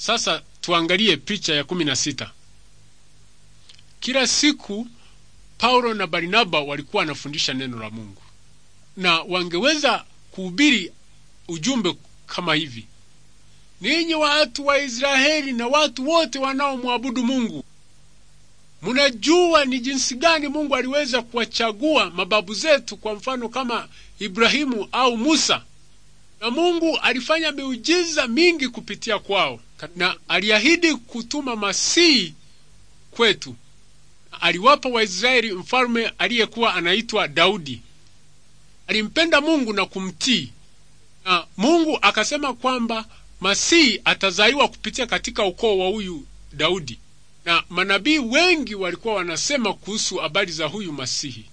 Sasa tuangalie picha ya kumi na sita. Kila siku Paulo na Barnaba walikuwa wanafundisha neno la Mungu, na wangeweza kuhubiri ujumbe kama hivi: ninyi watu wa Israeli na watu wote wanaomwabudu Mungu, munajua ni jinsi gani Mungu aliweza kuwachagua mababu zetu, kwa mfano kama Ibrahimu au Musa, na Mungu alifanya miujiza mingi kupitia kwao na aliahidi kutuma Masihi kwetu. Aliwapa Waisraeli mfalme aliyekuwa anaitwa Daudi. Alimpenda Mungu na kumtii, na Mungu akasema kwamba Masihi atazaliwa kupitia katika ukoo wa huyu Daudi, na manabii wengi walikuwa wanasema kuhusu habari za huyu Masihi.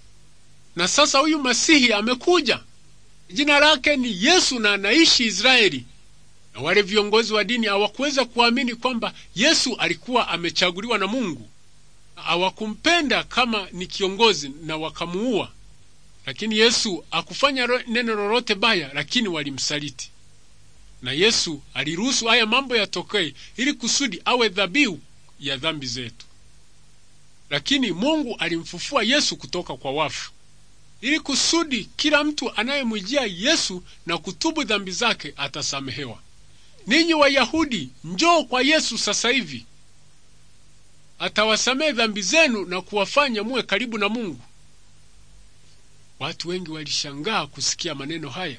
Na sasa huyu Masihi amekuja, jina lake ni Yesu na anaishi Israeli na wale viongozi wa dini hawakuweza kuamini kwamba Yesu alikuwa amechaguliwa na Mungu. Hawakumpenda kama ni kiongozi na wakamuua, lakini Yesu akufanya neno lolote baya, lakini walimsaliti. Na Yesu aliruhusu haya mambo yatokee ili kusudi awe dhabihu ya dhambi zetu, lakini Mungu alimfufua Yesu kutoka kwa wafu ili kusudi kila mtu anayemwijia Yesu na kutubu dhambi zake atasamehewa ninyi Wayahudi, njoo kwa Yesu sasa hivi, atawasamehe dhambi zenu na kuwafanya muwe karibu na Mungu. Watu wengi walishangaa kusikia maneno haya,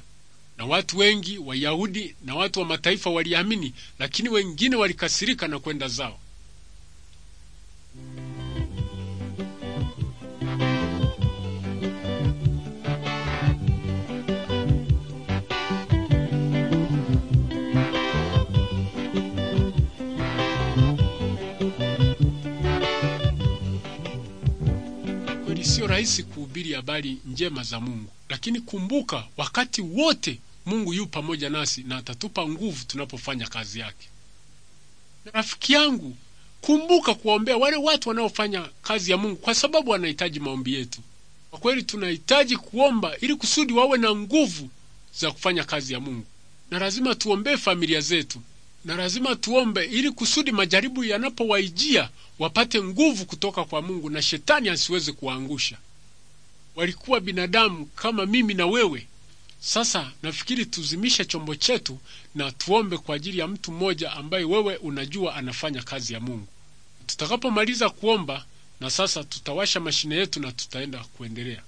na watu wengi Wayahudi na watu wa mataifa waliamini, lakini wengine walikasirika na kwenda zao. kweli siyo rahisi kuhubiri habari njema za Mungu, lakini kumbuka, wakati wote Mungu yu pamoja nasi na atatupa nguvu tunapofanya kazi yake. Na rafiki yangu, kumbuka kuwaombea wale watu wanaofanya kazi ya Mungu, kwa sababu wanahitaji maombi yetu. Kwa kweli tunahitaji kuomba ili kusudi wawe na nguvu za kufanya kazi ya Mungu, na lazima tuombee familia zetu na lazima tuombe ili kusudi majaribu yanapowaijia wapate nguvu kutoka kwa Mungu na shetani asiweze kuwaangusha. Walikuwa binadamu kama mimi na wewe. Sasa nafikiri tuzimishe chombo chetu na tuombe kwa ajili ya mtu mmoja ambaye wewe unajua anafanya kazi ya Mungu. Tutakapomaliza kuomba, na sasa tutawasha mashine yetu na tutaenda kuendelea.